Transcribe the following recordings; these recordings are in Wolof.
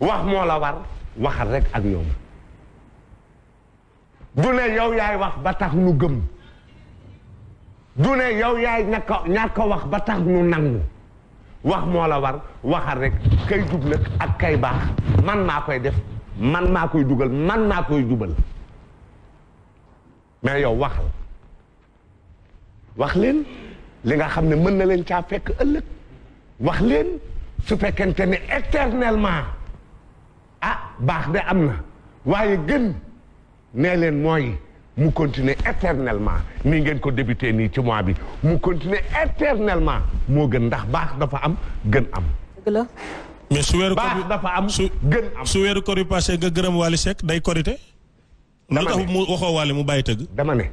wax moo la war waxal rek ak ñoom du ne yow yaay wax ba tax nu gëm du ne yow yaay ñàkk ñàkk wax ba tax nu nangu wax moo la war waxal rek kay jub nag ak kay baax man maa koy def man maa koy dugal man maa koy jubal mais yow waxal wax leen li nga xam ne mën na leen caa fekk ëllëg wax leen su fekkente ni éternellement a ah, baax de am na waaye gën nee leen mooy mu continuer éternellement nii ngeen débuté nii ci mois bi mu continuer éternellement moo gën ndax baax dafa am gën am. la. mais su weeru koor baax am su gën am su weeru koor yu passé nga gërëm Wally Seck day korite. dama ne lu tax mu waxoo Wally mu bàyyi tëgg. dama ne.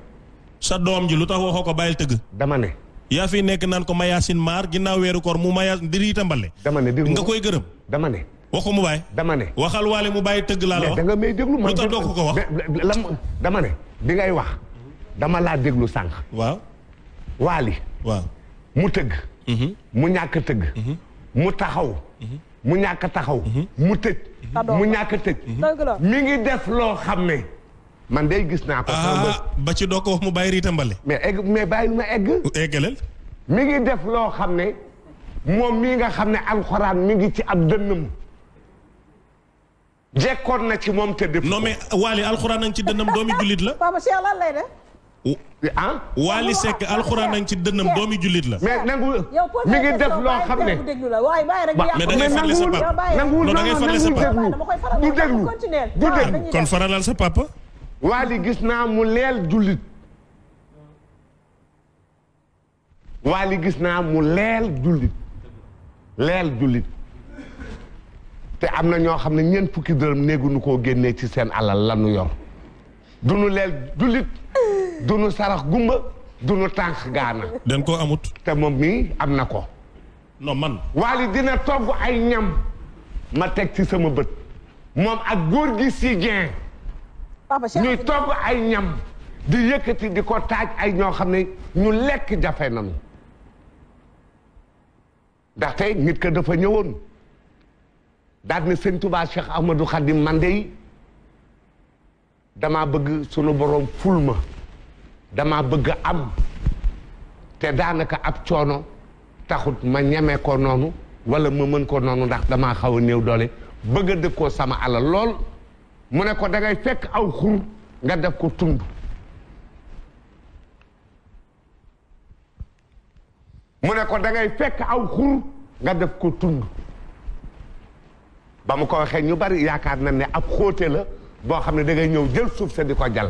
sa doom ji lu tax waxoo ko bàyyil tëgg. dama ne. yaa fi nekk naan ko Mayacine Mar ginnaaw weeru koor mu Mayac di itam mbale. dama ne nga koy gërëm. dama ne. waxu mu bàyyi. dama ne waxal waale mu bàyyi tëgg laa la wax. da may déglu man lu tax ko ko wax. dama ne bi ngay wax dama laa déglu sànq. waaw. waali. waaw mu tëgg. Mhm. mu ñàkk tëgg. Mhm. mu taxaw. Mhm. mu ñàkk taxaw. mu tëj. mu ñàkk tëj. mi ngi def loo xam ne. man day gis naa ko. Ah, ba ci doo ko wax mu bàyyi riita mbale. mais egg mais bàyyi ma egg. eggaleel. mi ngi def loo xam ne moom mii nga xam ne alxuraan mi ngi ci ab dënnam. jekkoon na ci moom te def non mais Waly alxuraan nañ ci dënnam doomi jullit la. papa Cheikh lan lay eh, ah? alxuraan nañ ci dënnam doomi jullit la. mais nangu mi ngi xam ne. mais sa papa non da ngay farle sa papa du déglu du déglu kon faralal sa papa. Waly gis naa mu leel jullit. Waly gis naa mu leel jullit. leel jullit. te am na ñoo xam ne ñeent fukki dërëm néegu nu koo génnee ci seen alal la nu yor du nu leel dulit du nu sarax gumba du nu tànk gaana dañ koo amut te moom mii am na ko non man waali dina togg ay ñam ma teg ci sama bët moom ak góor gi si gen ñuy togg ay ñam di yëkkati di ko taaj ay ñoo xam ne ñu lekk jafe nañu ndaxte nit ka dafa ñëwoon daal ne sëñ Touba Cheikh Ahmadou Khadim man dey damaa bëgg sunu borom ful ma damaa bëgg am te daanaka ab coono taxut ma ñeme ko noonu wala ma mën ko noonu ndax damaa xaw a néew doole bëgg a dëkkoo sama alal lool mu ne ko dangay fekk def ko tund mu ne ko dangay fekk aw xur nga def ko tund ba mu ko waxee ñu bari yaakaar nañ ne ab xóote la boo xam ne da ngay ñëw jël suuf sa di ko jal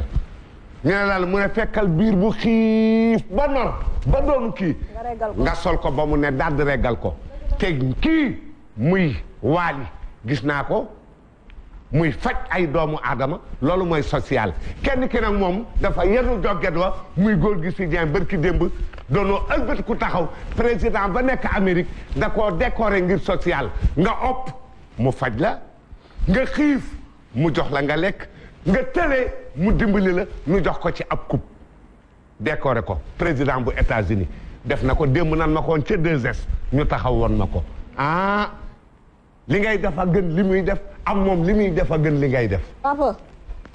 ñu ne daal mu ne fekkal biir bu xiif ba nor ba doon kii nga sol ko ba mu ne dadd reggal ko te kii muy waali gis naa ko muy faj ay doomu aadama loolu mooy sociale kenn ki nag moom dafa yenu joget wa muy góor gi si dien bërki démb doonoo ëlbati ku taxaw président ba nekk Amérique da koo décoré ngir social nga opp mu faj la nga xiif mu jox la nga lekk nga tële mu dimbali la ñu jox ko ci ab kub décoré ko président bu États-Unis def na ko démb nan ma ko ci ca 2S ñu taxaw woon ma ko ah li ngay def a gën li muy def am moom li muy def a gën li ngay def. papa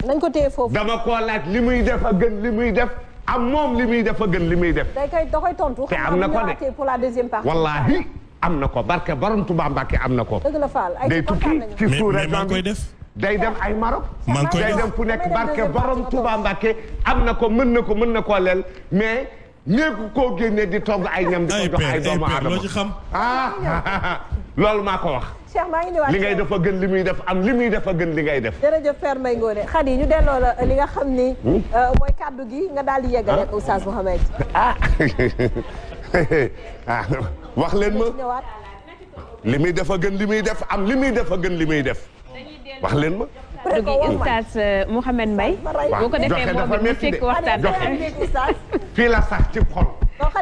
nañ ko téye foofu. dama koo laaj li muy def a gën li muy def am moom li muy def a gën li muy def. day koy da koy tontu. te am na ko de pour la deuxième partie. wallaahi. am na ko barke borom Touba Mbacke am na ko. dëgg la Fall ay day tukki ci sous-région bi def. day dem ay Maroc. maa ngi koy def day dem fu nekk barke borom Touba Mbacke am na ko mën na ko mën na koo leel mais. néegu koo génne di togg ay ñam di ko jox ay doomu aadama loo ci xam ah loolu maa ko wax Cheikh maa ngi ñëwaat li ngay def a gën li muy def am li muy def a gën li ngay def jërëjëf Père Mbaye Ngoné Khady ñu delloo la li nga xam ni hmm? euh, mooy kàddu gi nga daal di yeggale ah? Oustaz Mouhamed ah, ah wax leen ma li muy def a gën li muy def am li muy def a gën li muy def wax leen ma. dugi Oustaz euh, Mouhamed Mbaye. boo ko defee moom it mu fekk waxtaan fii la sax ci xol.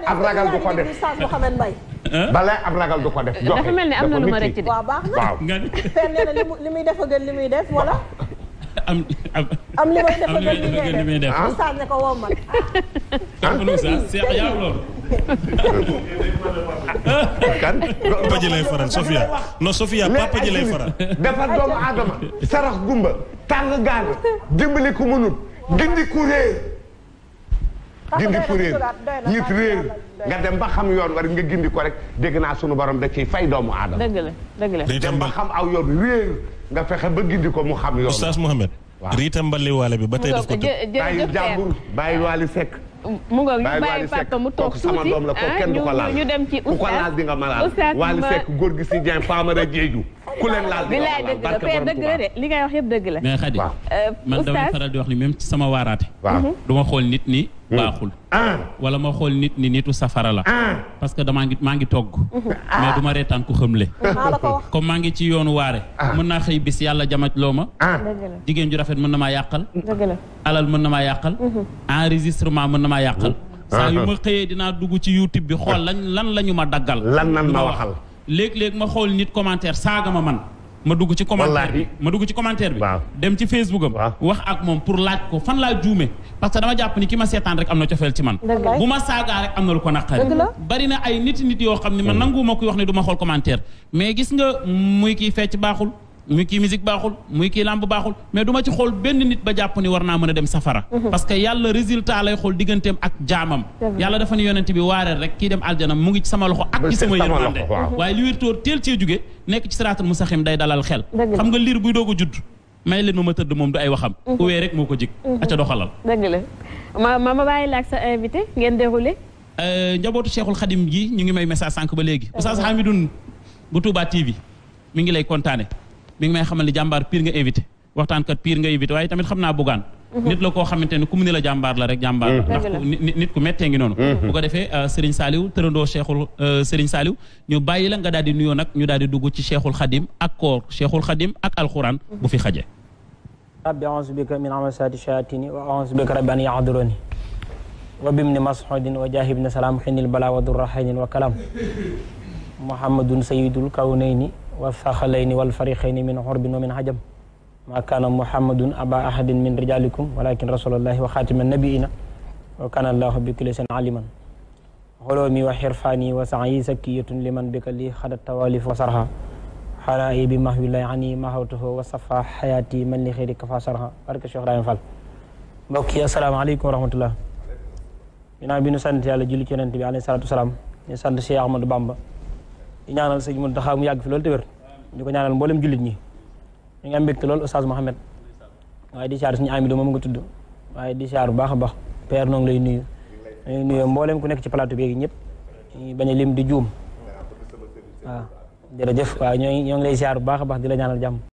ab ragal du ko def balaa ab ragal du ko def. joxe dafa mel ne am na lu ma rëcc de. waaw baax na waaw. li muy def a gën li muy def wala. am am li may def a gën li muy def. Ah? Oustaz ne ko woo man. Ah? kan. papa ji lay faral Sofia non Sofia papa ji lay faral. dafa doomu aadama sarax gumba tàng gaal dimbali ku mënul gindi ku réer. gindi ku réer nit réer nga dem ba xam yoon war nga gindi ko rek dégg naa sunu borom da ciy fay doomu aadama. dëgg la dëgg la dem ba xam aw yoon réer nga fexe ba gindi ko mu xam yoon. Oustaz Mouhamed. waaw riita mbali waale bi ba tey daf ko tëb. jë jërëjëf bàyyi jàmbur bàyyi waali sekk. mu ngoog ñu bàyyi papa mu toog tuuti ah ñu dem ci oustaz oustaz Waly Seck góor gi si Dieng Famara Diédhiou ku leen laal di la laal dëgg la de li ngay wax yëpp dëgg la. mais Khady euh, man dama même ci sama waaraate. waaw du ma xool nit ni hmm. baaxul. Ah. wala ma xool nit ni nitu safara la. Ah. parce que damaa ngi maa ngi togg. Hmm. Ah. mais du ma reetaan ku xëmle. comme maa ngi ci yoonu waare. mën naa xëy bis yàlla jamaj loo ma. jigéen ju rafet mën na maa yàqal. alal mën na maa yàqal mhm. enregistrement mën na maa ma mhm. xëyee dinaa dugg ci la ma daggal ma waxal léeg ma commentaire ma man ma dugg ci bi ma dugg ci commentaire bi dem ci facebook am wax ak moom pour laaj ko fan laa juume parce que dama jàpp ni ki ma seetaan rek am na cofeel ci man bu ma saagaa rek am na lu ko naqari bari na ay nit nit yoo xam ne man mm. nanguuma kuy wax ne du xool commentaire mais gis nga muy kii fecc baaxul muy kii musique baaxul muy kii làmb baaxul mais du ma ci xool benn nit ba jàpp ni war naa mën a dem safara mhm. parce que yàlla résultat lay xool digganteem ak jaamam yàlla dafa ne yonent bi waareel rek kii dem aljana mu ngi ci sama loxo ak ci sama yërmande waaye li wér tóor teel cee jóge nekk ci siraatal musaxim day dalal xel xam nga liir buy doog a judd may leen ma ma tëdd moom du ay waxam mhm. uwee rek moo ko jig mhm. aca doxalal dëgg la ma ma bàyyi la ak sa invité ngeen déroulé euh, njabootu Cheikhul Khadim gi ñu ngi may message sànq ba léegi Oustaz Hamidoun bu Touba TV mi ngi lay kontaane mi ngi may xamal ni jàmbaar pire nga éviter waxtaan kat pire nga éviter waaye tamit xam naa bugaan mhm. nit la koo xamante ne ku mu la jàmbaar la rek jàmbaar la mhm. ndax nit ku méttee ngi noonu mhm. bu ko defee euh, Serigne Saliou tërandoo Cheikhul euh, Serigne Saliou ñu bàyyi la nga daal di nuyoo nag ñu daal di dugg ci Cheikhul Khadim ak koor Cheikhul Khadim ak alquran bu fi xaje rabbi aouzu bika min amasati shayatini wa aouzu bika rabbi an yahduruni wa bimni masxudin wa jahibni salaam xinil bala wa durra xaynin wa kalam muhammadun sayidul kawnayni wa saxalayni wal fariqayni min xurbin wa min ajam maa kaana muhammadun aba ahadin min rijalikum walakin rasulullahi wa xaatima nabiina wa kaana allahu bi kulli shay'in aliman xoloomi wa xirfaani wa saayi sakkiyatun liman bika li xadat tawalif wa sarha xalaayi bi max willahi ani mahawtuhu wa safa xayaati man li xëyri kafa sarha barke Cheikh Ibrahima Fall mbokk yi asalaamaaleykum wa rahmatullah ginnaaw bi nu sant yàlla julli ci yonent bi alayhi salaatu wasalaam ñu sant Cheikh Ahmadou Bamba di ñaanal sëñ Muntaxa mu yàgg fi loolu te wér di ko ñaanal mboolem jullit ñi ñu ngi am mbégte lool Oustaz Mohamed waaye di siyaar suñu amido moom nga tudd waaye di siyaar bu baax a baax père noo ngi lay nuyu lay nuyu mboolem ku nekk ci plateau bi ñëpp ñu bañ a lim di juum waaw jërëjëf waaw ñoo ngi lay siyaar bu baax a baax di la ñaanal jàmm